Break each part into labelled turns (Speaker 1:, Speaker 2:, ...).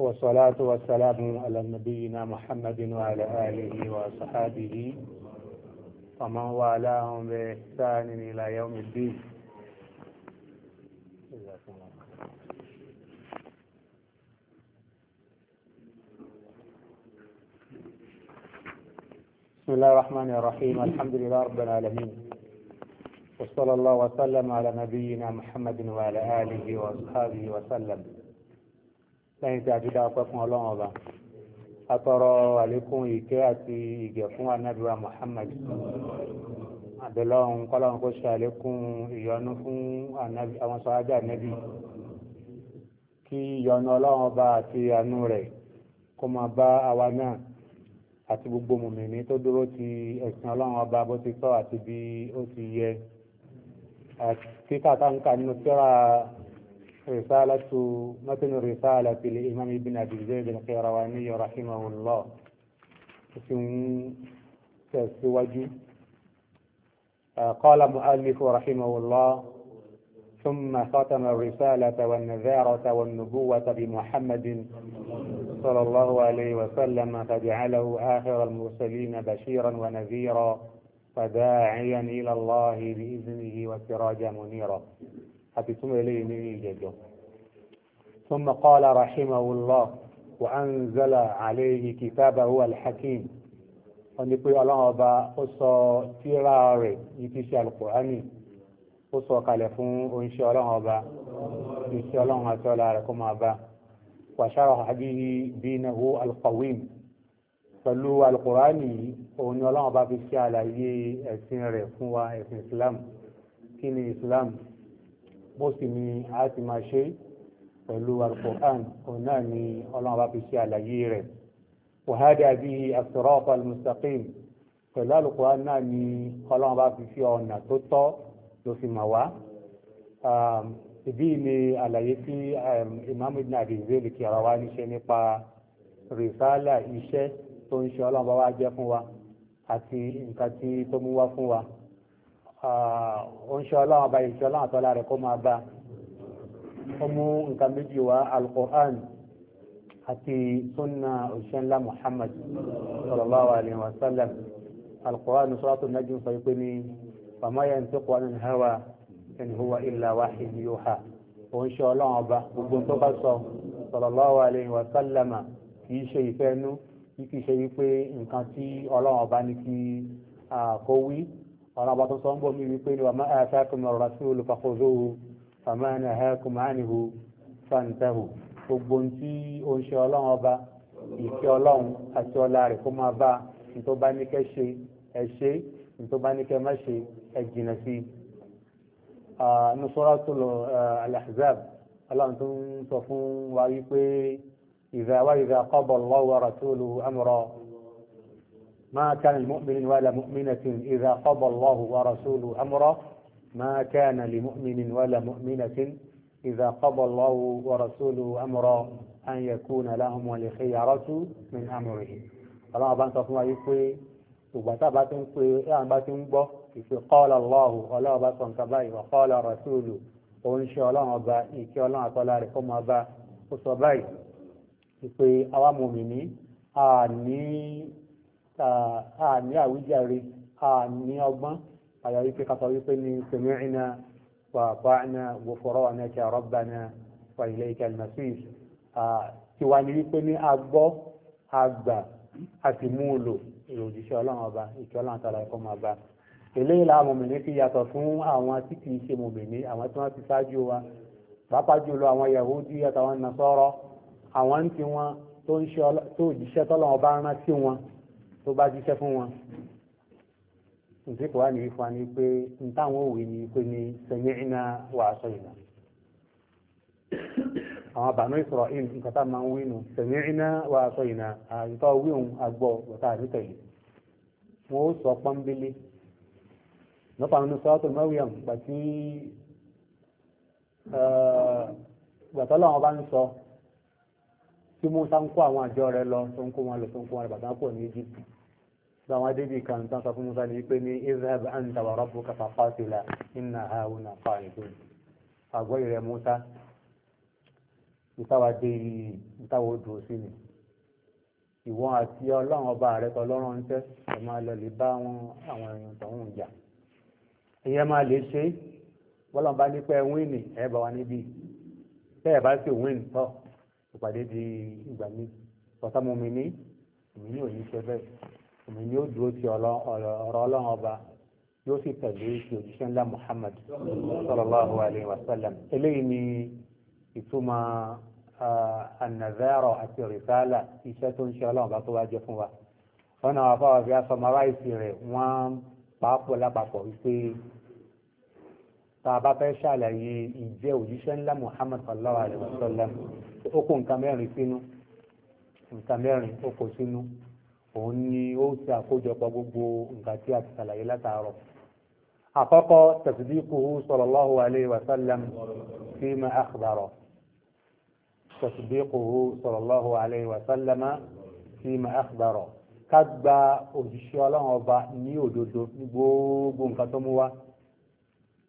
Speaker 1: والصلاة والسلام على نبينا محمد وعلى آله وصحابه ومن والاهم بإحسان إلى يوم الدين بسم الله الرحمن الرحيم الحمد لله رب العالمين وصلى الله وسلم على نبينا محمد وعلى آله وصحابه وسلم lẹ́yìn tí a ti dá ọpẹ́ fún ọlọ́run ọba atọrọ àlékún ìkẹ́ àti ìgẹ̀ fún anábìwá Muhammad àbẹ̀lọ́run kọ́lọ́run kó ṣe àlékún ìyọ́nú fún àwọn sọ́hájà nẹ́bí kí ìyọ́nú ọlọ́run ọba àti àánú rẹ̀ kó máa bá àwa náà àti gbogbo mùmìnì tó dúró ti ẹ̀sìn ọlọ́run ọba bó ti tọ́ àti bí ó ti yẹ àti kàtàǹkà nínú síra رسالة متن الرسالة للإمام ابن أبي زيد القيرواني رحمه الله تسوج قال مؤلف رحمه الله ثم ختم الرسالة والنذارة والنبوة بمحمد صلى الله عليه وسلم فجعله آخر المرسلين بشيرا ونذيرا وداعيا إلى الله بإذنه وسراجا منيرا àti túmọ̀ eléyìí ní ìjẹjọ. ثم قال رحمه الله وأنزل عليه كتابه الحكيم wọ́n ní pé ọlọ́run ọba ó sọ tírà rẹ̀ yìí ti ṣe alukur'ani ó sọ kalẹ̀ fún oníṣẹ́ ọlọ́run ọba iṣẹ́ ọlọ́run àti ọlá rẹ̀ kó máa bá wàṣára àbíyí dinahu alqawim pẹ̀lú alukur'ani òun ni ọlọ́run ọba fi ṣe àlàyé ẹ̀sìn rẹ̀ fún wa ẹ̀sìn islam kí ni islam bó sì ni a ti máa ṣe pẹ̀lú alukur'an òun náà ni ọlọ́run bá fi ṣe àlàyé rẹ̀ wàhádà bíi as-sirata al-mustaqim pẹ̀lú alukur'an náà ni ọlọ́run bá fi ṣe ọ̀nà tó tọ́ ló fi mà wá ìbí ni àlàyé tí imam ibn abi zayd al-Qayrawani ní ṣe nípa rìsálà iṣẹ́ tó ń ṣe ọlọ́run bá wá jẹ́ fún wa àti nǹkan tí tó mú wá fún wa òun ṣe ọlọ́run ọba ìṣe ọlọ́run àtọ́lá rẹ̀ kó máa bá ó mú nǹkan méjì wá alquran àti sunna òṣìṣẹ́ ńlá muhammad sallallahu alayhi wa sallam alquran suratu najm sọ pé ní fama yantiqu anil hawa in huwa illa wahid yuha òun ṣe ọlọ́run ọba gbogbo tó bá sọ sallallahu alayhi wa sallama kì í ṣe ìfẹ́ nú kì í ṣe wípé nǹkan tí ọlọ́run ọba ní kí ah, kó wí ọ̀rọ̀ àbátọ́ sọ ń bọ̀ mí wípé ni wà máa àtàkùn ọ̀rọ̀ sí olùfàkóso fàmánà hẹ́kùn máàníhù fàǹtẹ́hù gbogbo ohun tí ó ń ṣe ọlọ́run ọba ìfẹ́ ọlọ́run àti ọlá rẹ̀ kó máa bá ní tó bá ní kẹ́ ṣe ẹ ṣe ní tó bá ní kẹ́ má ṣe ẹ jìnà sí i. ní Suratul ọlọ́run tó ń sọ fún wa wípé idha wa idha qada Allahu amra ما كان المؤمن ولا مؤمنة إذا قضى الله ورسوله أمرا ما كان لمؤمن ولا مؤمنة إذا قضى الله ورسوله أمرا أن يكون لهم والخيارة من أمرهم الله أبان تصنع يقول وبتابة تنقل أعبا تنبه قال الله ولا أبان كباي وقال رسوله وإن شاء الله أبا إيكي الله أطلع لكم أبا وصباي يقول أوامو مؤمنين أني àní àwíjàre àní ọgbọ́n àyà wípé ká sọ wípé ní sami'na wa ata'na wa ghufranaka rabbana wa ilayka al-masir tiwa ni wípé ní agbọ́ àgbà àti múlò ìròjíṣẹ́ ọlọ́run ọba ìkẹ́ ọlọ́run tààrà ẹ̀kọ́ máa bá eléyìí la mòmìnì fi yàtọ̀ fún àwọn tí kìí ṣe mòmìnì àwọn tí wọ́n ti ṣáájú wa pàápàá jùlọ àwọn Yahudi àtàwọn Nasara àwọn tí wọ́n tó òjíṣẹ́ tọ́lọ́run ọba rán wọn tó bá jíṣẹ́ fún wọn ǹtí kò wá ní ìfún wa ní pé n táwọn òwe ní pé ní sami'na wa asayna àwọn Banu Isra'il nǹkan tá máa ń wí nù sami'na wa asayna àyíká wí òun agbọ́ wọ́tá àdìtẹ̀lẹ̀ wọn ó sọ pọ́nbélé lọ́pàá nínú sọ́ọ́tò Maryam gbàtí eh, gbàtọ́ làwọn bá ń sọ tí Mùsá ń kó àwọn àjọ rẹ̀ lọ tó ń kó wọn lọ tó ń kó wọn lọ bàtà kò ní Egypt sọ àwọn adébí kan tán sọ fún musa ní wípé ní israel anta wa rabbuka faqatila inna hauna qa'idun àgọ́ ìrẹ musa ìtawà dé ìtawà odò sí ni ìwọ àti ọlọ́run ọba rẹ tọlọ́run ń tẹ́ ẹ máa lọ lè bá wọn àwọn èèyàn tọ̀hún jà ìyẹn máa lè ṣe bọ́lá bá ní pé ẹ wíìnì bá wa níbí tẹ́ bá sì wíìnì tọ́ ìpàdé di ìgbà mi ọ̀sán mu mi ní èmi ní ṣe bẹ́ẹ̀ òun yóò dúró ti ọ̀rọ̀ ọlọ́run ọba yóò sì tẹ̀lé ti òjíṣẹ́ ńlá Muhammad sallallahu alayhi wa sallam eléyìí ni ìtumọ̀ anazaro àti rìsálà iṣẹ́ tó ń ṣe ọlọ́run ọba tó wá jẹ́ fún wa wọn náà wà fáwọn fi aṣọ mara ìsìn rẹ̀ wọ́n pàápọ̀ lápapọ̀ wípé tá a bá fẹ́ ṣàlàyé ìjẹ́ òjíṣẹ́ ńlá Muhammad sallallahu alayhi wa sallam ó kó nǹkan mẹ́rin sínú nǹkan mẹ́rin ó kó sínú òun ni ó ṣe àkójọpọ̀ gbogbo nǹkan tí a ti ṣàlàyé látàárọ̀ àkọ́kọ́ tasdiquhu sallallahu alayhi wa sallam fima akhbara tasdiquhu sallallahu alayhi wa sallama fima akhbara ká gba òjíṣẹ́ ọlọ́run ọba ní òdodo ní gbogbo nǹkan tó mú wá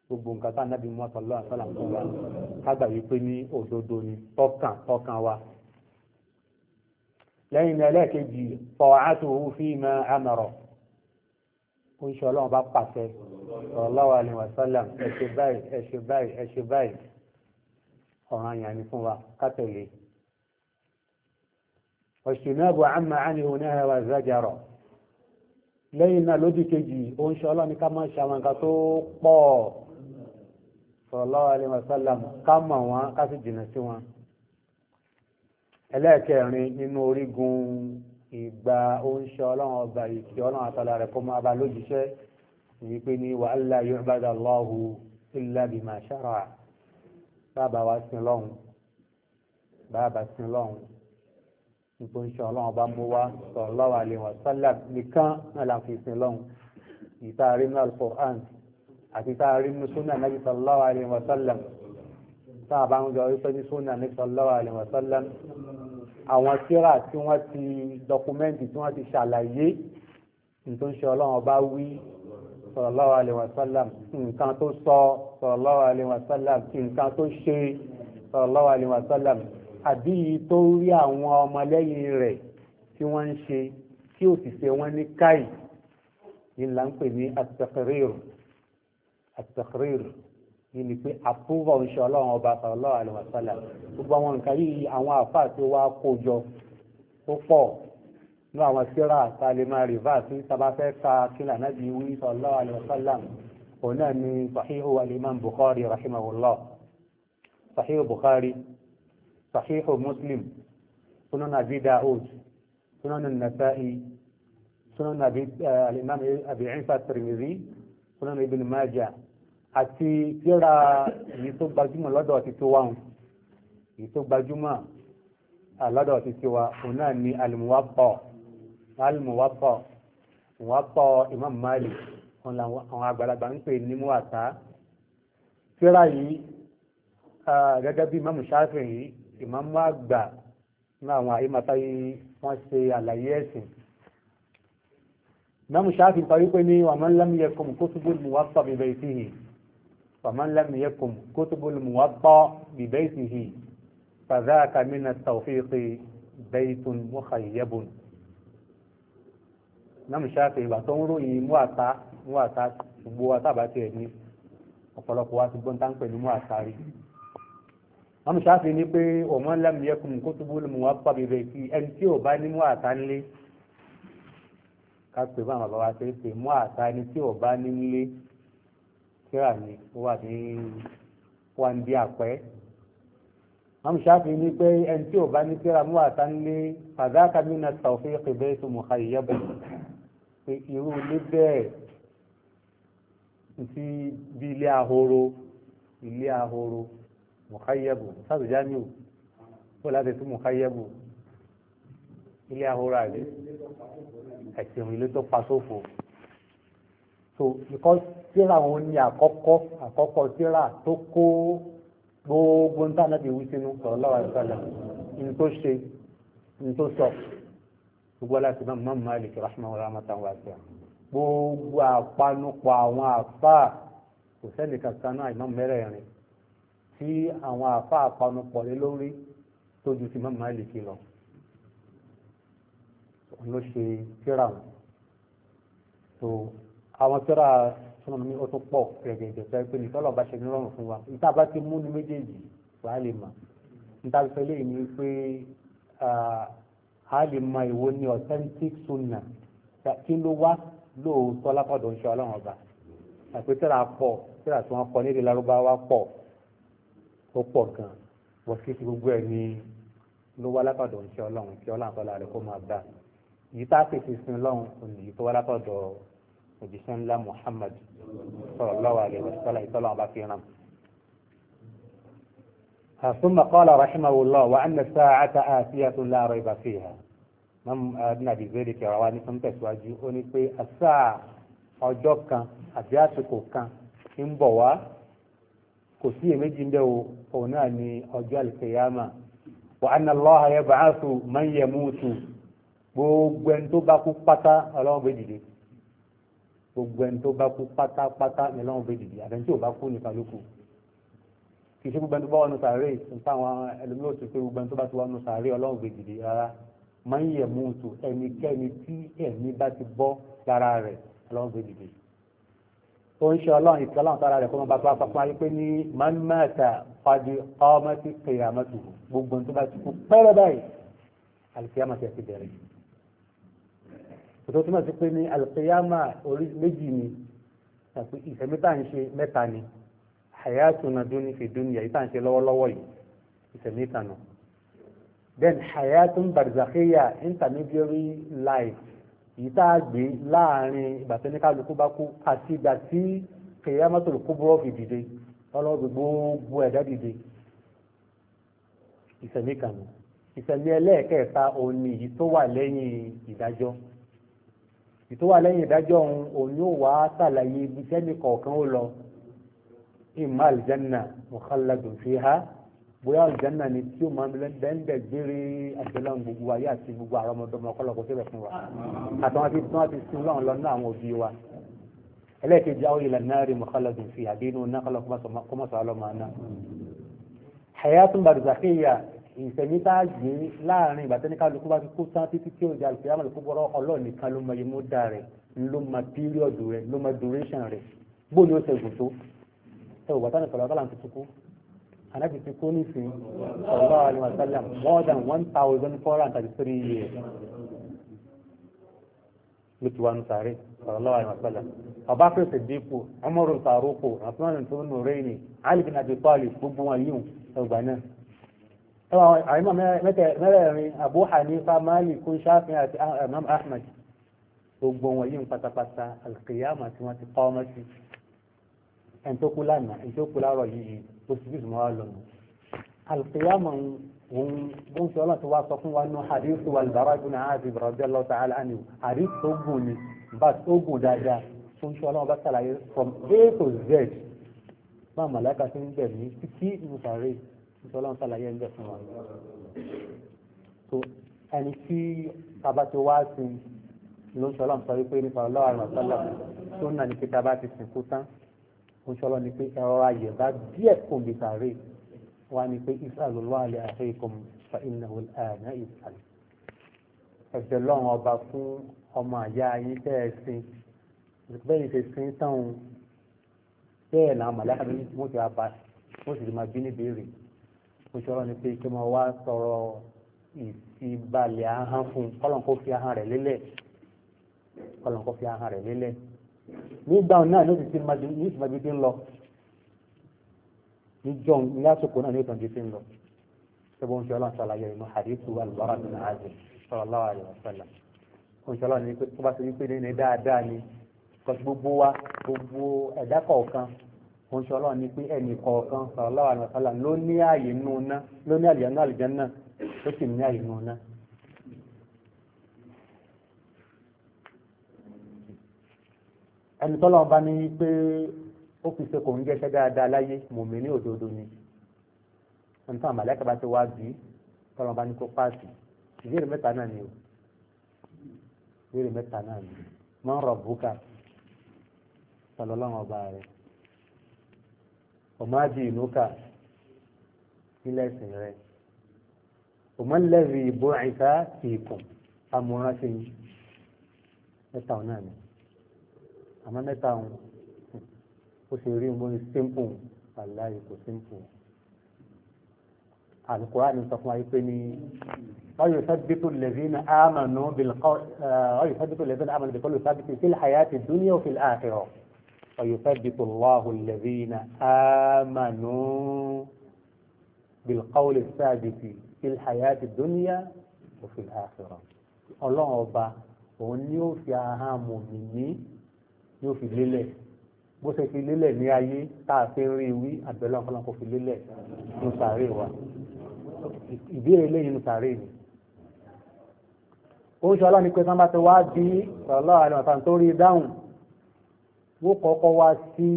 Speaker 1: gbogbo nǹkan tá ànábì mú wa sallallahu alayhi wa ká gbà wípé ní òdodo ni tọ́kàn tọ́kàn wa lẹ́yìn ẹlẹ́ẹ̀kejì ta'atuhu fima amara ó ń ṣe ọlọ́run bá pàṣẹ sallallahu alaihi wasallam ẹ ṣe báyìí ẹ ṣe báyìí ẹ ṣe báyìí ọ̀ràn yẹn ni fún wa ká tẹ̀lé ọ̀ṣùnàbọ̀ àmà àníhùn náà wà zájàrọ̀ lẹ́yìn náà lódì kejì ó ń ṣe ọlọ́run ká ṣàwọn nǹkan tó pọ̀ sallallahu alaihi wasallam ká wọn ká sì jìnnà sí wọn ẹlẹ́ẹ̀kẹrin nínú orígun ìgbà oúnṣẹ́ ọlọ́run ọba ìkí ọlọ́run àtàlà rẹ̀ kó máa bá lójíṣẹ́ èyí pé ní wa alla yu'bada Allahu illa bima shara'a bàbá wa sin lọ́hùn bàbá sin lọ́hùn nípa oúnṣẹ́ ọlọ́run ọba mú wa sallallahu alaihi wasallam nìkan náà la fi sin lọ́hùn ìtaari náà al-Qur'an àti ìtaari nínú súnà nàbí sallallahu alaihi wasallam táà bá ń jọ wípé ní súnà nàbí sallallahu alaihi wasallam àwọn tíra tí wọ́n ti dọkumẹ́ntì tí wọ́n ti ṣàlàyé tó ń ṣe ọlọ́run ọba wí sallallahu alaihi wasallam nǹkan tó sọ sallallahu alaihi wasallam nǹkan tó ṣe sallallahu alaihi wasallam àbí yìí tó rí àwọn ọmọlẹ́yìn rẹ̀ tí wọ́n ń ṣe tí ò sì ṣe wọ́n ní káì yìí là ń pè ní at-taqrir níbi pé àpúvọ̀ ń ṣe ọlọ́run ọba sọ̀rọ̀ àlùmọ̀sọ́là gbogbo àwọn nǹkan yìí àwọn àfáà tí ó wá kó jọ ó pọ̀ ní àwọn síra àtàlẹ́mà rìvásí sábàfẹ́ ka kílà náàbí wí sọ̀rọ̀ àlùmọ̀sọ́là òun náà ni sahihu alimam bukhari rahimahullah sahihu bukhari sahihu muslim sunan abi daud sunan nasa'i sunan abi eh, alimam abi isa sunan ibn majah àti tíra èyí tó gbajúmọ̀ lọ́dọ̀ ti tó wáhùn èyí tó gbajúmọ̀ lọ́dọ̀ ti tó wá òun náà ni alimuwapọ alimuwapọ muwapọ Imam Malik òun làwọn àgbàlagbà ń pè ní muwata tíra yìí gẹ́gẹ́ bí Imam Shafi'i Imam àgbà ní àwọn àyímọ́tá yìí wọ́n ṣe àlàyé ẹ̀sìn Imam Shafi'i parí pé ní wàmọ́ńlámiyẹ̀kùn kó túbú muwapọ bíbẹ̀ ìfihìn. فمن لم يكن كتب الموطا ببيته فذاك من التوفيق بيت مخيب نعم شافعي ìgbà tó ń ròyìn múàtá múàtá gbogbo wa tábà tiẹ̀ ní ọ̀pọ̀lọpọ̀ wa ti gbọ́n tá ń pè ní múàtá rí na'am ṣáfihàn ní pé ọmọ lam yakun kutubul muwatta bi bayti ẹni tí ò bá ní múàtá nílé ká pè bá àwọn bàbá wa ṣe é pé múàtá ẹni tí ò bá ní nílé kíra ni ó wà ní wà ń bí àpẹ́ amṣáfi ní pé ẹni tí ò bá ní kíra mú àtà ń lé fàdákà mínà tàwọ́fẹ́ ìpínlẹ̀ tó mọ̀ àyẹ̀bẹ̀ pé irú ilé bẹ́ẹ̀ ti bí ilé ahoro ilé ahoro mọ̀káyẹ̀bù sábẹ̀já ní ò ó láti tún mọ̀káyẹ̀bù ilé ahoro àlè ẹ̀sìn ilé tó pa sófo so because tíra òun ni àkọ́kọ́ àkọ́kọ́ tíra tó kó gbogbo ń tánà bí wí sínú sallallahu alaihi wasallam ní tó ṣe ní tó sọ gbogbo aláṣẹ náà Imam Malik rahman rahmatan wasi'a gbogbo àpanupọ̀ àwọn àfáà kò sẹ́ni kankan náà Imam mẹ́rẹ̀ẹ̀rin tí àwọn àfáà àpanupọ̀ lé lórí tó ju ti Imam Malik lọ ló ṣe tíra wọn àwọn tíra súnmọ́ mi ó tún pọ̀ gẹ̀gẹ̀gẹ̀ sọ pé nìkan lọ́ba ṣe ní rọrùn fún wa níta bá ti mú ní méjèèjì wàá lè mọ̀ níta fẹ́ lè ní pé a lè mọ ìwo ní authentic sunna kí ló wá lóòótọ́ lápọ̀dọ̀ ń ṣe ọlọ́run ọba àpé tíra pọ̀ tíra tí wọ́n kọ nílé lárúbáwá pọ̀ ó pọ̀ gan wọ́n sì ti gbogbo ẹ̀ ní ló wá lápọ̀dọ̀ ń ṣe ọlọ́run kí ọlọ́run àtọ́lá rẹ̀ kó máa bá yìí tá a pèsè sin ọlọ́run òní yìí tó òjíṣẹ́ ńlá Muhammad sallallahu alaihi wasallam ìtọ́lọ́ ọba fi ràn. ثم قال رحمه الله وأن الساعة آتية لا ريب فيها mam adinabi zeli kẹwàá wa ní fún tẹ̀síwájú ó ní pé àṣà ọjọ́ kan àbí àsìkò kan ń bọ̀ wá kò sí èméjì ńbẹ o òun náà ní ọjọ́ àlùkìyàmà wa anna Allaha yab'athu man yamutu gbogbo ẹni tó bá kú pátá ọlọ́run bẹ dìde gbogbo ẹni tó bá kú pátápátá ní lọ́wọ́ bèjì bí àbẹ̀ tí ò bá kú ní kálukú kì í ṣe gbogbo ẹni tó bá wọnú sàárè táwọn ẹlòmíràn ti pé gbogbo ẹni tó bá ti wọnú sàárè ọlọ́wọ́ bèjì bí rárá máa ń yẹ̀ mú un tò ẹnikẹ́ni tí ẹ̀mí bá ti bọ́ lára rẹ̀ ọlọ́wọ́ bèjì bí tó ń ṣe ọlọ́run ìtì ọlọ́run sára rẹ̀ kó máa bá bá papọ̀ ayé pé ní máa ń mẹ́ta tó túmọ̀ sí pé ní alqiyama orí méjì ni àpò ìfẹ̀mí tá à ń ṣe mẹ́ta ni hayatuna duni fi dunya yìí tá à ń ṣe lọ́wọ́lọ́wọ́ yìí ìfẹ̀mí kanu then hayatun barzakhiya intermediary life yìí tá a gbé láàrin ìgbà tó ní kálukú bá kú àti ìgbà tí qiyamatul kubra fi dìde ọlọ́ọ̀dù gbogbo ẹ̀dá dìde ìfẹ̀mí kanu ìfẹ̀mí ẹlẹ́ẹ̀kẹta òní yìí tó wà lẹ́yìn ìdájọ́ ètò wà lẹ́yìn ìdájọ́ òun òun yóò wá sàlàyé ibi sẹ́ni kọ̀ọ̀kan ó lọ ìmọ̀ àlìjánà mukhalladun fiha bóyá àlìjánà ni tí ó máa ń bẹ́ńdẹ̀ gbére àtẹlẹ́ gbogbo ayé àti gbogbo àwọn ọmọdọ́mọ ọkọlọ́kọ síbẹ̀ fún wa àtàwọn àti tí wọ́n ti sin lọ́run lọ́nà àwọn òbí wa ẹlẹ́ẹ̀kejì àwọn ilẹ̀ náà rí mukhalladun fiha bí inú náà kọ́lọ́ ìṣẹ̀mí tá a gbé láàrin ìgbà tẹ́ni kálukú bá ti kú tán títí tí ó di alùpùpù lóko bọ́rọ̀ ọlọ́ọ̀ nìkan ló mọ imú dá rẹ̀ ló mọ píríọ̀dù rẹ̀ ló mọ duration rẹ̀ bó ni ó ṣe gùn tó ẹ wò tánì sọ̀rọ̀ ọ̀gá ti kú anábì ti kú ní ìsìn ọ̀gá àlùmọ̀ sálàm more than one thousand four hundred thirty three years ló ti wá nù sàárè sọ̀rọ̀ àlùmọ̀ sálàm ọba pèsè dípò ọmọrùn sàrókò àtúnwàn tó nù rẹ́yìn alìbìnàbí pọ́ọ̀lì gbogbo àìmọ̀ mẹ́rẹ̀ẹ̀rin Abu Hanifa Malikun Shafi'i àti ah, Imam Ahmad gbogbo wọn yìí ń pátápátá alkiyama tí wọ́n ti kọ́ ọmọ sí ẹni tó kú lánàá ẹni tó kú láàárọ̀ yìí tó sì bìsùn wá lọ alkiyama òun bó ń sọ ọlọ́run tó wá sọ fún wa nù hadith wal Bara' ibn Azib radiyallahu ta'ala anhu hadith tó gùn ni bàt ó gùn dáadáa tó ń sọ bá ṣàlàyé from A to Z bá màláìka tó ń bẹ̀ ní títí nùsàrè ìtọ́lọ́n sàlàyé ń bẹ̀ fún wa so ẹni tí bàbá ti wá sí ló ń sọlọ́n sọ wípé nípa ọlọ́wà àrùn ọ̀sọ́lọ̀ tó nà ní pé tá a bá ti sìnkú tán ó ń sọlọ́ ni pé ẹ̀rọ ayẹ̀ bá díẹ̀ kò lè sàárè wá ni pé ìsàlùwà àlẹ́ àṣẹ ìkọ̀mù fa iná àná ìsàlù ẹ̀sẹ̀ lọ́run ọba fún ọmọ àyà yín tẹ́ ẹ sin bẹ́ẹ̀ ṣe sin tán bẹ́ẹ̀ làwọn màlákàbí wọ́n ti òṣòro ni pé kí wọ́n wá sọ̀rọ̀ ìfibalẹ̀ ahọ́n fún un kọ́lọ̀n kó fi ahọ́n rẹ̀ lélẹ̀ kọ́lọ̀n kó fi ahọ́n rẹ̀ lélẹ̀ nígbà náà ní òṣìṣẹ́ máa gbé ń lọ níjọ́ lásìkò náà ní òtàn gbé ń lọ sẹ́gbọ́n oúnjẹ ọlọ́run ṣàlàyé inú hadithu alùbárà bin azim sallallahu alaihi wasallam oúnjẹ ọlọ́run ní pé tó bá ṣe wípé ní wọ́n ṣe ọlọ́run ní pé ẹnì kọ̀ọ̀kan sallallahu alaihi wasallam ló ní ààyè inú ná ló ní àlìyànú àlìjánná ló sì ní ààyè inú ná. ẹni tọ́lọ́ bá ní pé ó fi ṣe kò ń jẹ́ iṣẹ́ dáadáa láyé mùmínì òdodo ni ẹni tọ́lọ́ màlẹ́kà bá ti wá bí tọ́lọ́ bá ní kó páàsì ìbéèrè mẹ́ta náà ni o ìbéèrè mẹ́ta náà ni man rabbuka sallallahu alaihi wasallam ọ̀máàdì ìlú kà nílẹ̀ ìsìn rẹ̀ ọ̀mọ́lẹ́rì ìbò àìsá ti ìkùn amúra sí i mẹ́ta ọ̀nà ni àmọ́ mẹ́ta ọ̀hún ó sì rí mọ́ ní simple aláì kò simple alukura ni sọ fún wa pé ní ọyọ sábẹ́tò lẹ́sìn àmànú bìlkọ́ ọyọ sábẹ́tò lẹ́sìn àmànú bìlkọ́ lọ́sàbẹ́tò fil hayati dunya wa fil akhirah ويثبت الله الذين آمنوا بالقول الثابت في الحياة الدنيا وفي الآخرة ọlọ́run ọba òun ni ó fi ahán mòmìnì ni ó fi lélẹ̀ bó ṣe fi lélẹ̀ ní ayé tá a fi ń rí wí àbẹ̀lẹ̀ ọ̀pọ̀lọpọ̀ kò fi lélẹ̀ ní sàárè wa ìbéèrè lẹ́yìn ní sàárè ni ó ń ṣe ọlọ́run ní pé sábà ti wá bí ọlọ́run àti màtà tó rí dáhùn wọ́n kọ́kọ́ wá sí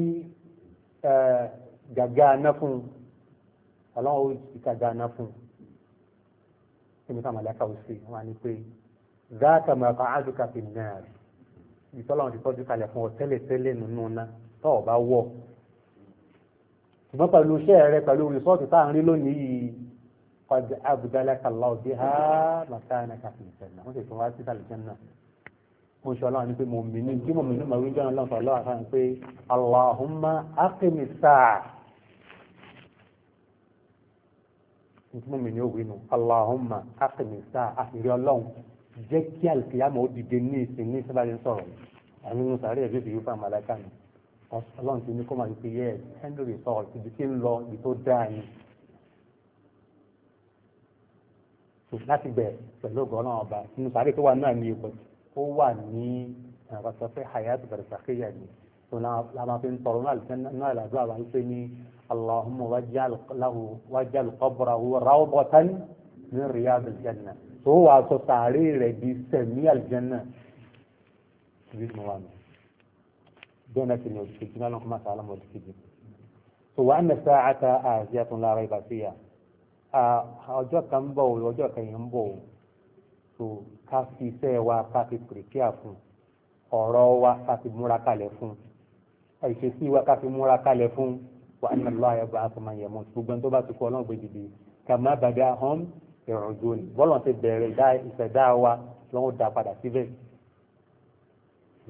Speaker 1: gàgà aná fún ọlọ́run ó ti gàgà aná fún ẹni ká màláka ó sì wọ́n á ní pé záàkà màkà ádùkà fi náà ìtọ́lọ́run ti tọ́jú kalẹ̀ fún ọ tẹ́lẹ̀tẹ́lẹ̀ nínú náà tọ́ ọ bá wọ̀ ṣùgbọ́n pẹ̀lú iṣẹ́ rẹ pẹ̀lú rìsọ́ọ̀tì tá à ń rí lónìí yìí qad abdalaka Allahu biha makanaka fil janna wọ́n sì tún wá sí sàlùjẹ́ náà oṣù aláwọ̀ ni pé mo mì ní tí mo mì ní màá wíjọ́ náà lọ́nà lọ́wọ́ àtàwọn pé Allahumma aqimi sáà mo mì ní òwe nu Allahumma aqimi sáà àfìrí ọlọ́run jẹ́ kí àlùkìyàmọ̀ ó dìde ní ìsìn ní sábà ní sọ̀rọ̀ àwọn nínú sàárè ẹ̀bí òfin yóò fà máa ọlọ́run ti ní kó máa wípé yẹ henry sọ ibi tí ń lọ ibi tó dáa ni láti bẹ̀ pẹ̀lú ọgọ́ náà ọba nínú sàárè tó wà náà ní ipò ó wà ní àwọn sọ pé hayat barzakhiya ni tó láwọn fi ń tọrọ náà làdúrà wà ń pè ní allahumma wajjal qabrahu rawdatan min riyadil janna tó wàá sọ sàárè rẹ̀ di sẹ̀mí aljanna ibi tí mo wà nù bẹ́ẹ̀ ti ní oṣù kejì náà lọ́kọ́ máa sàálà mọ́ oṣù kejì so wà á nà sá àtà àzíyà tó ń lára ibà síyà kan ń bọ̀ ọjọ́ kan yẹn ń bọ̀ so ká fi iṣẹ́ wa ká fi pèkíà fún ọ̀rọ̀ wa ká fi múra kalẹ̀ fún ìṣesí wa ká fi múra kalẹ̀ fún wa ní ọlọ́ ayọ̀bá àtọmọ ìyẹ̀mọ́ gbogbo tó bá ti kọ́ ọlọ́run gbé dìde kà má bàdá hàn ìrànjò ni bọ́lọ̀ ti bẹ̀rẹ̀ ìṣẹ̀dá wa lọ́wọ́ da padà síbẹ̀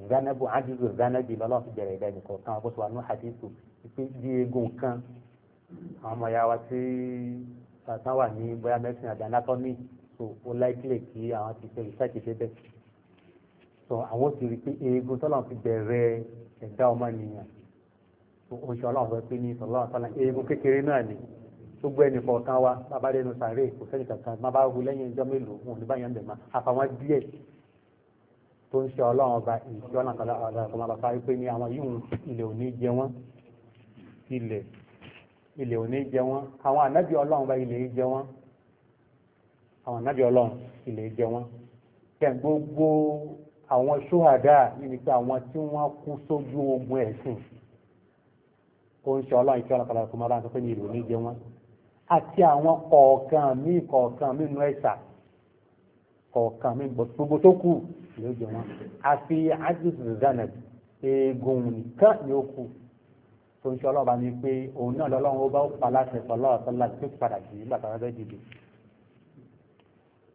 Speaker 1: zanabu adizu zanabi lọ́lọ́ ti bẹ̀rẹ̀ ìdá nìkan kan bó ti wà ní hadithu pé bí egun kan àwọn ọmọ ya wa tí tàtàwà ní bóyá mẹ́sìn àdánákọ́mì so ó láìpẹ́ kí àwọn ti ṣe research débẹ̀ so àwọn ti rí i pé eegun tọ́lá ti bẹ̀rẹ̀ ẹ̀dá ọmọnìyàn so oṣù ọlọ́run fẹ́ pé ní sọ̀rọ̀ àtàlà eegun kékeré náà ni tó gbé ẹnì kọ̀ọ̀kan wa bàbá rẹ̀ nù sàárè kò sẹ́ni kankan má bá wu lẹ́yìn ẹjọ́ mélòó wọn ò ní báyọ̀ ń bẹ̀ mọ́ àfàwọn díẹ̀ tó ń ṣe ọlọ́run ọba ìṣe ọ̀nà kan lára ọ̀dà ọmọ bàbá wípé ní àwọn yìí ilẹ̀ òní jẹ wọ́n ilẹ̀ ilẹ̀ òní jẹ wọ́n àwọn ànábì ọlọ́run ọba ilẹ̀ yìí jẹ wọ́n àwọn ànábì ọlọ́run ilẹ̀ jẹ wọn kẹ́ẹ̀ gbogbo àwọn ṣóhàdá níbi pé àwọn tí wọ́n kú sójú ogun ẹ̀sìn ó ń ṣe ọlọ́run ìṣẹ́ ọlọ́kọ̀ọ́lọ́ kó máa bá ń sọ pé ní ìlú ní jẹ wọn àti àwọn kọ̀ọ̀kan míì kọ̀ọ̀kan míì nú ẹ̀sà kọ̀ọ̀kan míì gbogbo tó kù ló jẹ wọn àfi adis zanab eegun nìkan ni ó kù tó ń ṣe ọlọ́run bá ní pé òun náà lọ́lọ́run ó bá pa láti ẹ̀sọ́ ọlọ́run tó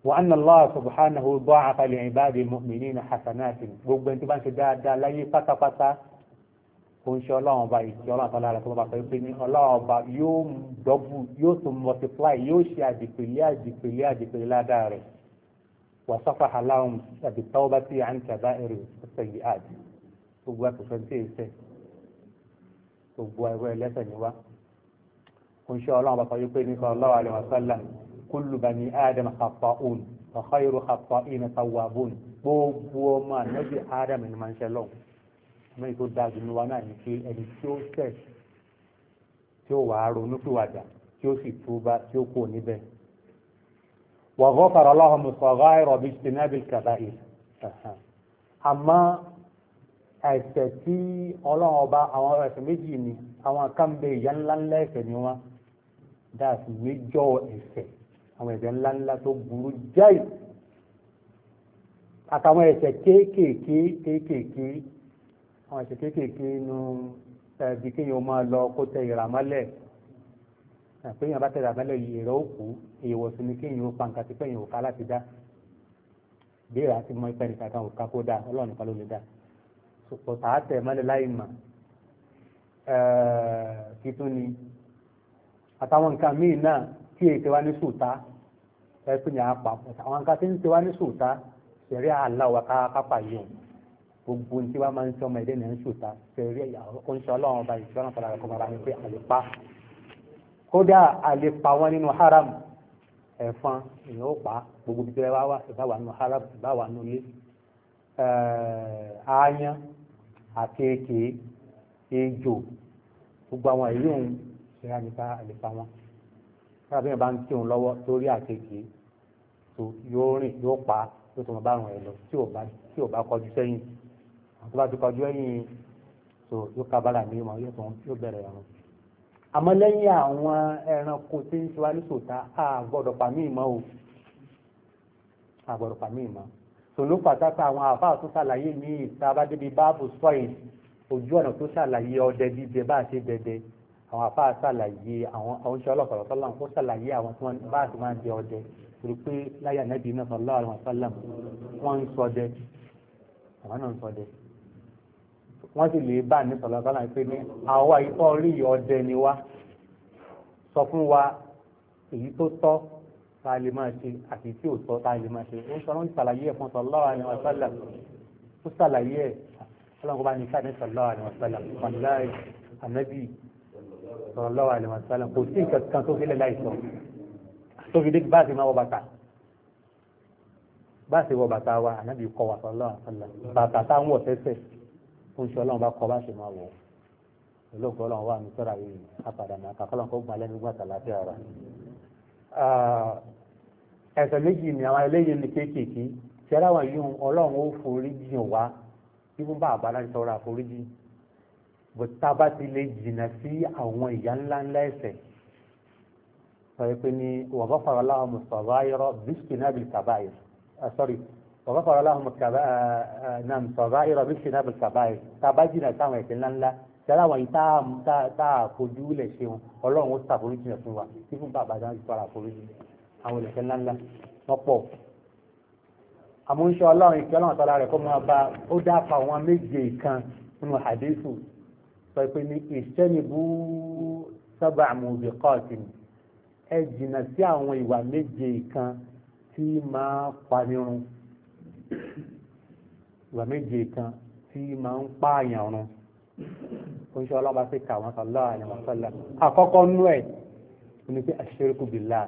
Speaker 1: وأن الله سبحانه ضاعف لعباد المؤمنين حسنات gbogbo ẹni tó bá ń ṣe dáadáa láyé pátápátá kò ń ṣe ọlọ́run ọba ìṣe ọlọ́run tọ́lá rẹ̀ tó bá pẹ́ pé ní ọlọ́run ọba yóò dọ́bù yóò tún multiply yóò ṣe àdìpèlé àdìpèlé àdìpèlé ládàá rẹ̀ wàsáfà aláwọn àdìpáwọ́ bá ti à ń tàbá ẹ̀rọ ṣẹ̀yìn àdì gbogbo àtúnṣe tí èyí sẹ̀ gbogbo ẹ̀rọ ẹlẹ́sẹ̀ ni wá kò ń ṣe ọlọ́run ọba sọ wípé ní sọ ọlọ́run àlẹ́ wàsálàmù kullu bani adam khata'un wa khayru khata'ina tawwabun gbogbo ọmọ ànábì adam ni máa ń ṣe lọ ọmọ yìí tó dáa jù ní wa náà ní pé ẹni tí ó ṣẹ̀ tí ó wàá ronú pìwàdà tí ó sì túbà tí ó kò níbẹ̀ wa ghafara lahum as-sagha'ira bi ijtinabi al-kaba'ir àmọ́ ẹ̀ṣẹ̀ tí ọlọ́run ọba àwọn ẹ̀ṣẹ̀ méjì ni àwọn akáǹbẹ̀ ìyá ńláńlá ẹ̀ṣẹ̀ ni wọ́n dáàsì méjọ́ ẹ̀ṣẹ̀ àwọn ẹ̀ṣẹ̀ ńláńlá tó burú jáì àtàwọn ẹ̀ṣẹ̀ kéékèèké kéékèèké àwọn ẹ̀ṣẹ̀ kéékèèké nu ẹbí kéèyàn máa lọ kó tẹ ìràmọ́lẹ̀ àpéyàn bá tẹ ìràmọ́lẹ̀ yìí èrò òkú ìwòsàn ni kéèyàn ó pa nǹkan tí pẹ̀yìn òkà láti dá béèrè àti mọ ìpẹ́ nìkan kan òkà kó dá ọlọ́run nìkan ló lè dá sòpò tààtẹ̀ mọ́lẹ̀ láì mà kí àtàwọn nǹkan míì náà tí èyí ti wá ní sùúta ẹ pé ní àpapọ̀ àwọn nǹkan tí ń ti wá ní sùúta ṣẹ̀rí àláwà kápá yìí gbogbo tí wá máa ń tí ọmọ ẹ̀dẹ́ ní ń sùúta ṣẹ̀rí oúnjẹ ọlọ́run ọba ìṣẹ́ ọ̀nà fọlá kọ́mọba ní pé àlepa kódà àlepa wọn nínú haram ẹ̀fọn èèyàn ó pa gbogbo ibi tí wọ́n wá ìbáwà nínú haram ìbáwà nínú ilé aáyán àkekèé ejò gbogbo àwọn ìlú òun ṣẹ̀rí àlepa wọn nígbà bá ń kírun lọ́wọ́ torí àkejì tó yóò rìn yóò pa tó tó wọn bá rùn ẹ lọ tí ò bá tí ò bá kọjú sẹ́yìn àwọn bá ti kọjú ẹ̀yìn tó yóò kábàlà ní ìmọ̀ yóò tó yóò bẹ̀rẹ̀ ẹ̀rùn. àmọ́ lẹ́yìn àwọn ẹranko tí ń ṣe wá ní sòta a gbọ́dọ̀ pa mí ìmọ̀ o a gbọ́dọ̀ pa mí ìmọ̀ tòló pàtàkì àwọn àfáà tó ṣàlàyé ní ìta bá débi báàbù sọ́yìn àwọn afáà ṣàlàyé àwọn oúnjẹ ọlọ́pàá sọ́lá ó ṣàlàyé àwọn tí wọ́n bá àti máa jẹ ọdẹ torí pé láyà nẹ́bí náà sọ́lá àwọn sọ́lá wọ́n ń ṣọdẹ àwọn náà ń ṣọdẹ wọ́n sì lè bá ní sọ́lá sọ́lá pé ní àwa ikọ́ orí ọdẹ ni wá sọ fún wa èyí tó tọ́ tá a lè máa ṣe àti tí ò tọ́ tá a lè máa ṣe ó ń sọ ló ń ṣàlàyé ẹ̀ fún sọ́lá àwọn sọ́lá ó ṣàlàyé ẹ̀ sallallahu alaihi wasallam kò sí nǹkan kan tó fi lẹ̀ láìsọ tó fi dé bá a ti máa wọ bàtà bá ti wọ bàtà wa ànábì kọ́ wa sallallahu alaihi wasallam bàtà tá à ń wọ̀ sẹ́sẹ̀ fún iṣẹ́ ọlọ́run bá kọ́ bá ṣe máa wọ̀ olóògbé ọlọ́run wà ní sọ́ra yìí apàdà máa kà kó gbọ́n alẹ́ nígbà tàlàfíà ara ẹ̀sẹ̀ méjì ni àwọn eléyìí ní kéékèèké tí aláwọ̀ yìí ọlọ́run ó foríjì wá bí wọ́n bá àbá àforíjì bùtá bá ti lè jìnà sí àwọn ìyá ńlá ńlá ẹ̀ṣẹ̀ sọ̀rọ̀ pé ní wàbá fara láwọn mùsàbá yọrọ bíṣkì náà bìí kàbá yìí sọ̀rọ̀ wàbá fara láwọn mùsàbá yọrọ bíṣkì náà bìí kàbá sí àwọn ẹ̀ṣẹ̀ ńlá ńlá tẹ́lá wọ̀nyí tá a fojú lẹ̀ ṣeun ọlọ́run ó ṣàforíjì rẹ̀ fún wa tí fún bàbá dáná ti fara àforíjì àwọn ẹ̀ṣẹ̀ ńlá ńlá wọ́n pọ̀ àmúṣe ọlọ́run ìkẹ́ ọlọ́run tọ́lá rẹ̀ kó máa bá ó dápa àwọn méje kan nínú àdéhùn sọ pé ní ìṣẹ́nibú sábà mùbíkọ́ọ̀tì ẹ jìnnà sí àwọn ìwà méje kan tí máa panirun ìwà méje kan tí máa ń pààyàn run fún iṣẹ́ ọlọ́ba sí kàwọn sọlá àyàn àkọ́kọ́ nú ẹ̀ ní pé àṣírikù bìlá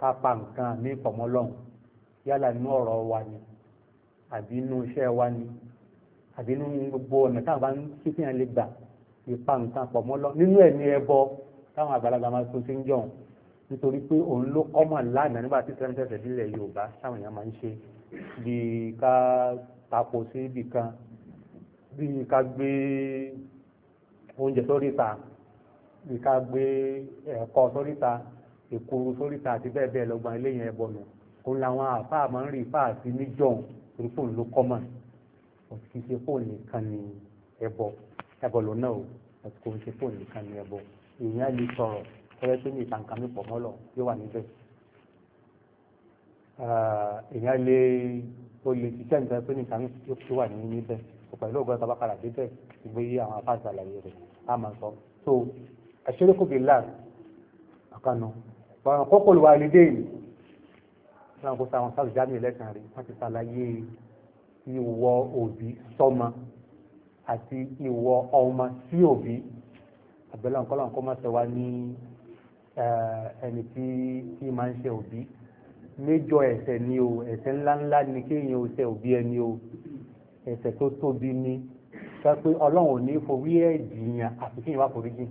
Speaker 1: ká nǹkan ní ìpọ̀mọ́lọ́hùn yálà inú ọ̀rọ̀ wa ni àbí inú iṣẹ́ wa ni àbí nínú gbogbo ọ̀nà táwọn bá ń ṣe fi hàn lè gbà ìpa nǹkan pọ̀ mọ́ lọ nínú ẹ̀ ní ẹbọ táwọn àgbàlagbà máa tún ti ń jọ̀hún nítorí pé òun ló kọ́mọ̀ lánàá nígbà tí sẹ́mi tẹ̀sẹ̀ sílẹ̀ Yorùbá táwọn èèyàn máa ń ṣe bí ká tako sí ibì kan bí ká gbé oúnjẹ sóríta bí ká gbé ẹ̀kọ́ sóríta èkuru sóríta àti bẹ́ẹ̀ bẹ́ẹ̀ lọ́gbọ̀n eléyìí ẹbọ nù òun làwọn àfáà máa ń rí ìfáà sí níjọ̀hún torí pé òun ló kọ́mọ̀ kì í ṣe fóònù nìkan ni ẹbọ ẹbọ ló náà o kò ń ṣe ebo. nìkan ni ẹbọ èèyàn lè sọ̀rọ̀ ẹgbẹ́ tó ní ìtànkà mi pọ̀ mọ́lọ̀ yóò wà níbẹ̀ èèyàn lè o lè ṣiṣẹ́ nǹkan tó ní ìtànkà mi yóò wà níbẹ̀ pẹ̀lú ògbọ́n tó bá padà débẹ̀ ìgbé yí àwọn afáàzà àlàyé rẹ̀ á máa sọ so àṣíríkù bíi láàrú àkànnà wọn kókò lùwà lédè yìí wọn kò sa àwọn sáàlù jáde lẹ́sàn-án rí wọn ti ṣàlàyé ìwọ òbí sọ́mọ àti ìwọ ọmọ sí òbí àbẹ̀lẹ̀ ọ̀kọ́lọ̀ kọ́ máa ṣẹ̀wá ní ẹni tí tí máa ń ṣe òbí méjọ ẹ̀ṣẹ̀ ni o ẹ̀ṣẹ̀ ńláńlá ni kéèyàn ó ṣe òbí ẹni o ẹ̀ṣẹ̀ tó tóbi ni sọ pé ọlọ́run ò ní forí ẹ̀ jìyàn àfi kéèyàn wá forí jìn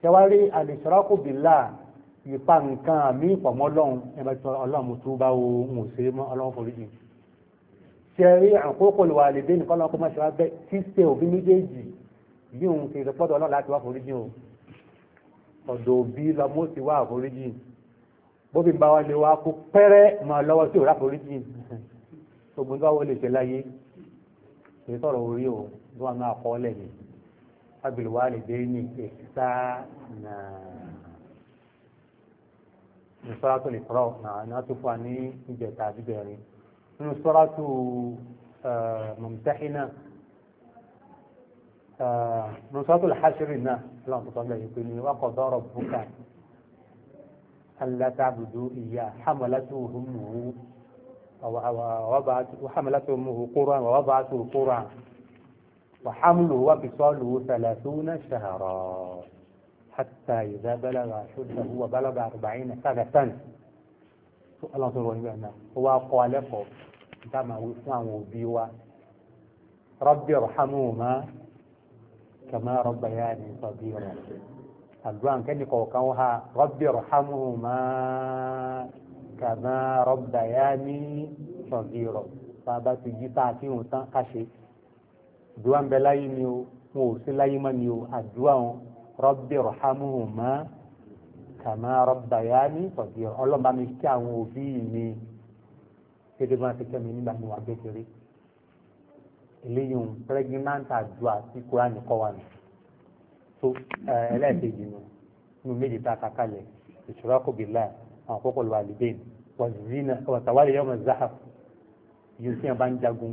Speaker 1: ṣẹwárí àlèṣọ́rákò bìlà ìpa nǹkan àmì ìpamọ́ ọlọ́run ẹ̀ bá ti sọ ọlọ́run mo tún bá wo ń ṣe mọ́ ọlọ́run forí jìn ṣẹ̀rí àkókò ìwàlèdè nìkan lọ́kọ́ máa ṣe wá bẹ́ ṣíṣe òbí méjèèjì bí òun ti rẹpọ́dọ̀ ọlọ́run láti wá foríjì o ọ̀dọ̀ òbí lọmọ ti wá foríjì bóbi bá wá lè wá kó pẹ́rẹ́ máa lọ́wọ́ sí òrà foríjì ogun tó wọlé ṣe láyé kì í sọ̀rọ̀ orí o ló wà máa kọ́ lẹ̀ ní ábìlìwàlèdè ní ìsáànà ìsọ́ra tó lè sọ̀rọ̀ náà tó fún wa ní ìjẹta àbíbẹ̀rin المسطرات آه، ممتحنة نصات آه، الحاشرين لا تطلع يكوني وقضى ربك ألا تعبدوا إياه حملته أمه وحملت أمه قرى ووضعته قرى وحمله وفصاله ثلاثون شهرا حتى إذا بلغ شده وبلغ أربعين سنة سؤال الله تعالى وقال قال ká máa wí fún àwọn òbí wa rabbi irhamhuma kama rabbayani saghira àdúrà nkẹ́ni kọ̀ọ̀kan wá rabbi irhamhuma kama rabbayani saghira bá a bá ti jí tá a ti hùn tán ká ṣe àdúrà ń bẹ láyé ni o wọn ò sí láyé mọ́ ni o àdúrà wọn rabbi irhamhuma kama rabbayani saghira ọlọ́mọba mi kí àwọn òbí mi gẹ́gẹ́ bá ti kẹ́mi nígbà mi wà kékeré eléyìí ń pẹ́rẹ́gímántà ju àti kúránì kọ́ wa nù tó ẹlẹ́ẹ̀kejì nù nù méjì tá a kà kalẹ̀ ìṣòro àkọ́bìlà àwọn àkọ́kọ́ lọ́wọ́ àlùbẹ́ẹ̀ wàzínà wàtàwálé yọmọ záhà yóò tí wọn bá ń jagun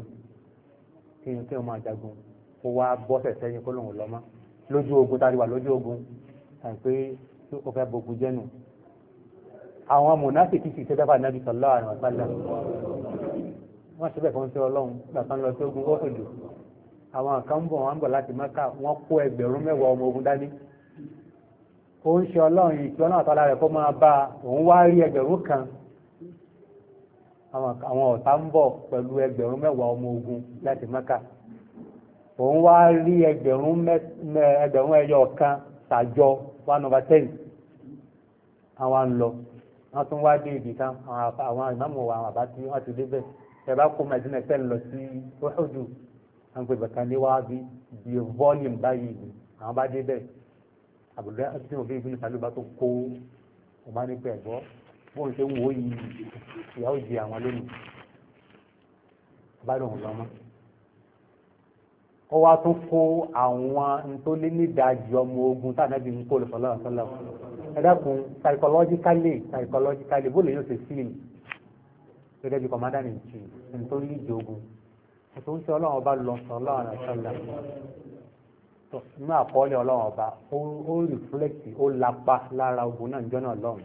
Speaker 1: kí wọn kí wọn máa jagun kó wá bọ́ sẹ̀sẹ̀ yẹn kó lóun lọ́mọ lójú ogun tá a lè wà lójú ogun àwọn mùnáfìkì ti tẹ́tẹ́ bá nàbì sọ̀lá àwọn àpàlà wọ́n ṣe bẹ̀fọ́n sí ọlọ́run gbàtàn lọ sí ogun Uhud àwọn kan bọ̀ wọ́n bọ̀ láti Mákà wọ́n kó ẹgbẹ̀rún mẹ́wàá ọmọ ogun dání ó ń ṣe ọlọ́run yìí tí ọlọ́run àtàlà rẹ̀ kó máa bá òun wá rí ẹgbẹ̀rún kan àwọn ọ̀tá ń bọ̀ pẹ̀lú ẹgbẹ̀rún mẹ́wàá ọmọ ogun láti Mákà òun wá rí ẹgbẹ̀rún wọ́n tún wá dé ibì kan àwọn ìmáàmù wa àwọn àbá tí wọ́n ti débẹ̀ ẹ bá kó Madina fẹ́ lọ sí Uhudu à ń pè bàtà ní bí bí volume báyìí ni àwọn bá débẹ̀ àbùdá tí mo fi ìbínú sálú bá tó kó mo máa ní pẹ́ ẹ̀gbọ́ bóun ṣe ń wò yìí ìyàwó jẹ àwọn lónìí àbádùn òun lọ́mọ́ ó wá tún kó àwọn tó ọmọ ogun tàbí ń kó lọ́sọ̀lọ́sọ̀lọ́ ẹ̀dàkùn psychologically psychologically bó lè yóò ṣe fíìlì gẹ́gẹ́ bí commander in chief ẹni tó lè jogun ètò ń ṣe ọlọ́run ọba lọ sọ ọlọ́run àṣọlá nínú àkọọ́lẹ̀ ọlọ́run ọba ó reflect ó lapa lára ogun náà níjọ́ náà lọ́run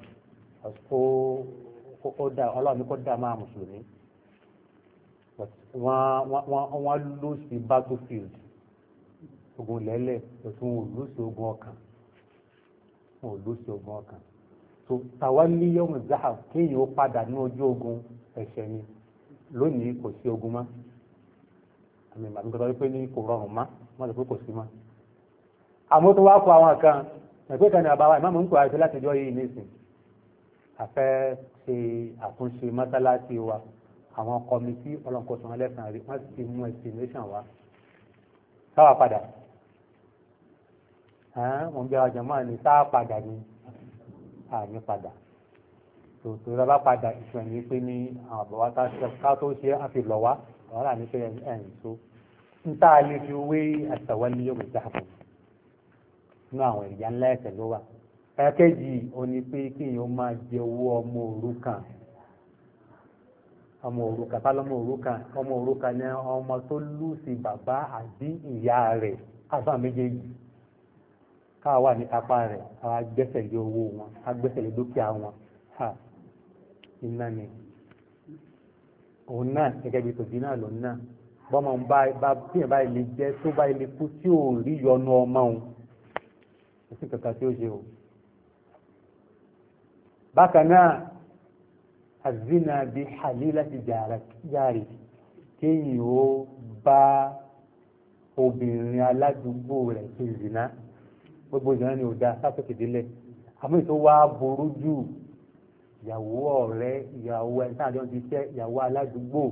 Speaker 1: ọlọ́run ní kó dá máa mùsùlùmí wọ́n lose the battlefield ogun lẹ́lẹ̀ òtún lose ogun ọkàn wọn ò lóṣù ogun ọkàn so tàwálí yọmọ zahab kéèyàn ó padà ní ojú ogun ẹ̀ṣẹ̀ ni lónìí kò sí ogun mọ́ àmì ìgbà tó sọ pé ní kò rọrùn mọ́ wọ́n lè pé kò sí mọ́ àmọ́ tó wá kọ àwọn kan ẹ̀gbẹ́ kan ní àbáwá ìmáàmù ń kọ àìsí láti jọ yìí nísìn àfẹ́ ṣe àtúnṣe mọ́sálásí wa àwọn kọmitì ọlọ́nkọ̀sán ẹlẹ́sàn rí wọ́n sì mú ẹ̀sìn nation wa sáwà padà wọ́n bí ọjọ́ máa ní sáà padà ní àní padà tòótò lọ́ba padà ìṣòro ní pé ní àwọn àbọ̀wá ká tó ṣe àfi lọ wá wọ́n rà ní pé ẹ̀yìn tó ń tá a lè fi wé àtàwọn ní yóò gbèjà àbò nínú àwọn ìyá ńlá ẹ̀sẹ̀ ló wà ẹ̀kẹ́jì ò ní pé kéèyàn máa jẹ owó ọmọ òrukàn ọmọ òrukàn bá lọ́mọ òrukàn ọmọ òrukàn ni ọmọ tó lù sí bàbá àbí ìyá rẹ̀ àbá méjèèjì káà wà ní kápá rẹ̀ káà gbẹ́sẹ̀ lé owó wọn káà dúkìá wọn ha iná ni òun náà gẹ́gẹ́ bí tòbí náà lòun náà bọ́mọ ń bá tíyẹn báyìí lè jẹ́ tó báyìí lè kú tí ò rí yọnu ọmọ òun kò sí kankan tí ó ṣe o bákan náà azina bi halilati jari kéèyàn ó bá obìnrin aládùúgbò rẹ̀ ṣe zina gbogbo ìyàn ni ò da sásòkè délẹ̀ àmọ́ ètò wa burú jù ìyàwó ọ̀rẹ́ ìyàwó ẹni táàjọ ti tẹ́ ìyàwó aládùúgbò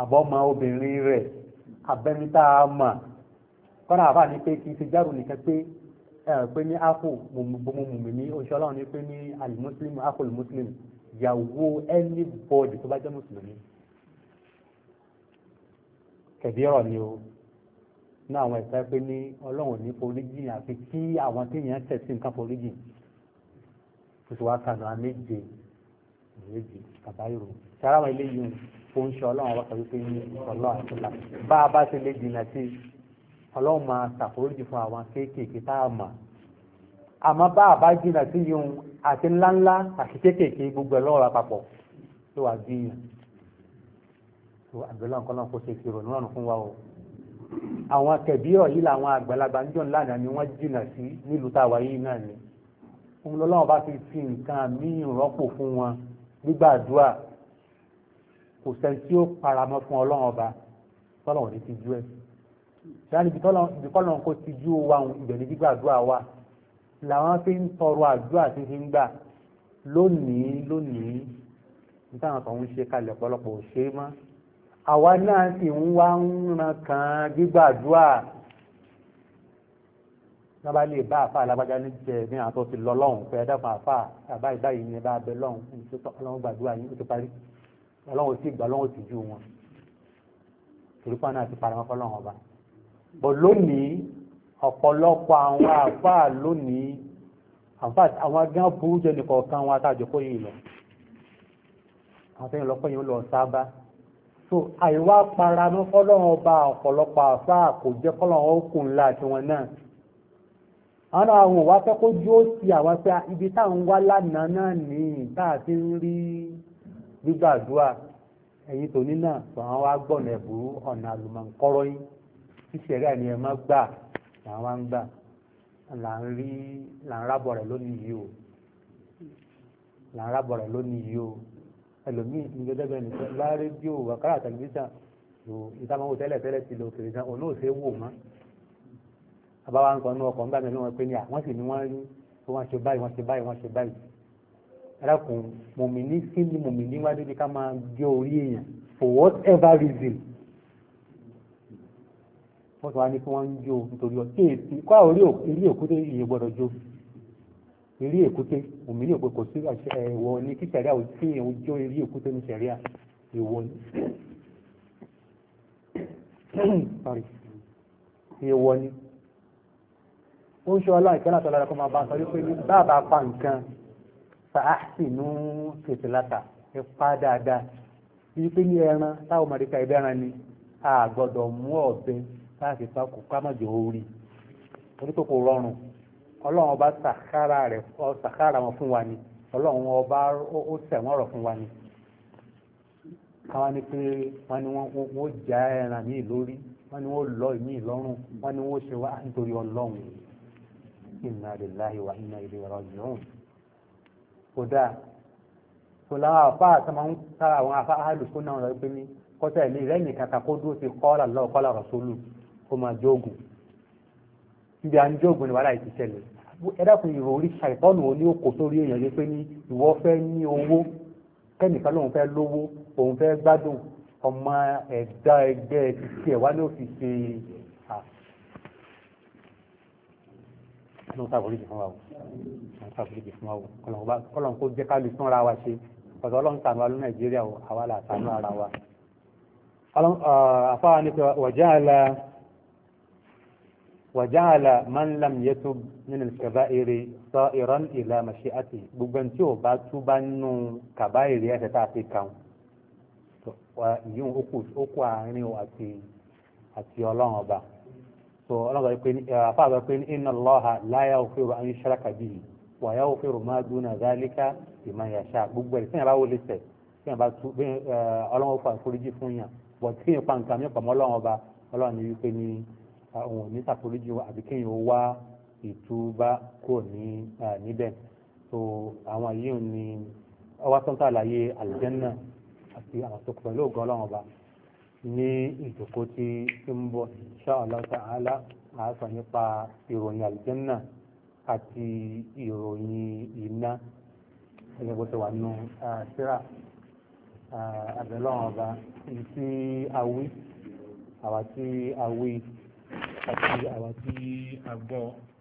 Speaker 1: àbọ́mọ obìnrin rẹ̀ abẹ́ni tá a mọ̀ kọ́nà àbá ni pé kì í ṣe járù nìkan pé ẹ pé ní ápò mùmùmùmí ní oṣù ọlọ́run ni pé ní alimuslim ápò alimuslim ìyàwó anybody tó bá jẹ́ mùsùlùmí kẹ̀bí ọ̀rọ̀ ni o ní àwọn ẹ̀ka pé ní ọlọ́run ní foríjì àfi kí àwọn téèyàn tẹ̀sí nǹkan foríjì kò sì wá kànú à méje méje kàbáyòrò tí ara wọn eléyìí ó ń ṣe ọlọ́run wá pẹ̀lú pé ní ọlọ́run àti ọlá bá a bá ṣe lè jìnnà sí ọlọ́run máa ṣàforíjì fún àwọn kéékèèké tá a mọ̀ àmọ́ bá a bá jìnnà sí yìí àti ńláńlá àti kéékèèké gbogbo ẹ̀ àpapọ̀ ló wà bí yàn àgbẹ̀lọ́ nǹkan náà kó ṣe ìrònú ọ̀nà fún wa o àwọn kẹ̀bírọ̀ yìí làwọn àgbàlagbà níjọ́ ńlànà ni wọ́n jìnà sí nílùú táwa yìí náà ni òun lọ́lọ́wọ́ bá fi fi nǹkan míì rọ́pò fún wọn nígbàdúrà kò sẹ́ni tí ó paramọ́ fún ọlọ́run ọba tọ́lọ́run ní ti jú ẹ̀ dáni ibi tọ́lọ́run kò ti jú wa ibẹ̀ ní gbígbàdúrà wa làwọn fi ń tọrọ àdúrà tí fi ń gbà lónìí lónìí nítawọn kan ń ṣe kalẹ̀ pọ̀lọpọ̀ òṣèré àwa náà sì ń wá ń ran kan gbígbàdúrà náà bá lè bá àfa alágbájá ní jẹ ní àwọn tó ti lọ lọ́hùn pé ẹ̀dàfà àfa àbá ìbáyìí ni bá bẹ lọ́hùn ní tó tọ́ ọlọ́run gbàdúrà yín ó ti parí ọlọ́run sì gbà ọlọ́run sì ju wọn torípa náà ti paramọ́ fọlọ́run ọba bọ̀ lónìí ọ̀pọ̀lọpọ̀ àwọn àfa lónìí àwọn gán burú jẹ́ nìkọ̀ọ̀kan wọn àtàjọ kó yìí lọ àwọn tẹ́yìn lọ́pọ̀ yìí ó lọ sábà so àìwá paramọ́ fọ́lọ́run ọba ọ̀pọ̀lọpọ̀ àfá kò jẹ́ fọ́lọ́run okùn ńlá àti wọn náà àwọn àwọn òwá fẹ́ kó jó sí àwọn pé ibi tá ń wá lánàá náà ní tá ń rí gbígbàdúrà ẹ̀yin tòní náà tó àwọn wá gbọ̀nà ẹ̀bùrú ọ̀nà àlùmọ̀ǹkọ́rọ́ yín ṣíṣẹ́ rẹ̀ ni ẹ má gbà làwọn wá ń gbà là ń rí là ń rábọ̀ rẹ̀ lónìí yìí o là ń rábọ̀ rẹ̀ lónìí yìí o ẹlòmíì ní gẹ́gẹ́ bẹ́ẹ̀ nìkan bá rédíò wàkàrà tẹlifíṣàn ìtàmọ́wò tẹ́lẹ̀ tẹ́lẹ̀ ti lọ òkèrè gan òun ò ṣe é wò mọ́ àbáwá nǹkan nú ọkọ̀ ńgbà mi lọ́wọ́ pé ní àwọn sì ni wọ́n rí wọ́n ṣe báyìí wọ́n ṣe báyìí wọ́n ṣe báyìí ẹ̀rọ̀kùn mòmìnì sí ni mòmìnì wá débi ká máa gé orí èèyàn for whatever reason wọ́n sọ wá ní kí wọ́n ń jó nítorí ọtí èsì kó àwọn eré èkúté òmìnir òpè kò sí ẹ̀wọ̀ ní kí sẹ̀ríà ò tí ìyẹn ojó eré èkúté ní sẹ̀ríà èwọ̀ ni sorry èwọ̀ ni ó ń ṣọ́ aláìkẹ́ látọ̀ lára kó máa bá sọ wípé bàbá pa nǹkan fàásìnú fèsìláta ẹ pa dáadáa wípé ní ẹran táwọn mọ̀ríkà ìbẹ́ran ni a gbọ́dọ̀ mú ọ̀bẹ láti pa kò ká mọ̀jọ orí oníkòkò rọrùn ọlọ́run ọba sàkárà rẹ̀ sàkárà wọn fún wa ni ọlọ́run ọba ó sẹ̀wọ́n ọ̀rọ̀ fún wa ni káwọn ni pé wọn ni wọn já ẹran míì lórí wọn ni wọn lọ ìmí lọ́rùn wọn ni wọn ṣe wá nítorí ọlọ́run inna lillahi wa inna ilayhi raji'un kódà kò láwọn àfa àtàwọn àwọn àfa àlùkò náà lọ pé ní kọ́tà ìlú rẹ̀ nìkan kakó dúró ti qala Allah qala rasulu kó máa jóògùn níbi à ń jọ́gbọ̀n ní wàhálà ìtì ṣẹlẹ̀ ẹ dákun ìrò orí ṣàìtọ́nù ó ní òkò sórí èèyàn yìí pé ní ìwọ fẹ́ ní owó kẹ́nìkan lòun fẹ́ lówó òun fẹ́ gbádùn ọmọ ẹ̀dá ẹgbẹ́ ti tiẹ̀ wá ní òfin ṣe à ló ń sàbòríjì fún wa o ló ń sàbòríjì fún wa o kọ́lọ̀ kó jẹ́ ká lè tún ara wa ṣe ọ̀dọ̀ ọlọ́run ṣàánú wa ní Nàìjíríà o àwa là ṣàánú ara wa. afáwa ni wọ̀jẹ́ àlà. وجعل من لم يتب من الكبائر sọ ìran ìlà màṣíàtì gbogbo tí ò bá tú bá nù kàbáìrì ẹ̀ṣẹ̀ tá a fi o àti àti ọlọ́run ọba so ọlọ́run ọba pé eh, àfa àgbà pé inna Allaha la yaghfiru an yushraka bihi wa yaghfiru ma duna dhalika liman yasha gbogbo ẹ̀ sẹ́yìn bá wọlé tẹ̀ sẹ́yìn bá tú eh, ọlọ́run ọba foríjì fún yàn bọ̀ tí yẹn pa nǹkan mi pàmò ọlọ́run ọba ọlọ́run ni wípé ní àwọn òní ṣàforíjì wọn àbí kéèyàn wá ìtúbá kò ní níbẹ̀ so àwọn yìí ni ọwá tó ń tàlàyé àlùjẹ́nà àti àwọn tó pẹ̀lú ògùn ọlọ́run ọba ní ìjòkó tí ń bọ̀ insha Allah ta'ala àásọ nípa ìròyìn àlùjẹ́nà àti ìròyìn iná ẹgbẹ́ bó ti wà nù síra àbẹ̀lọ́run ọba tí awí àwa tí àti àwa tí a gbọ́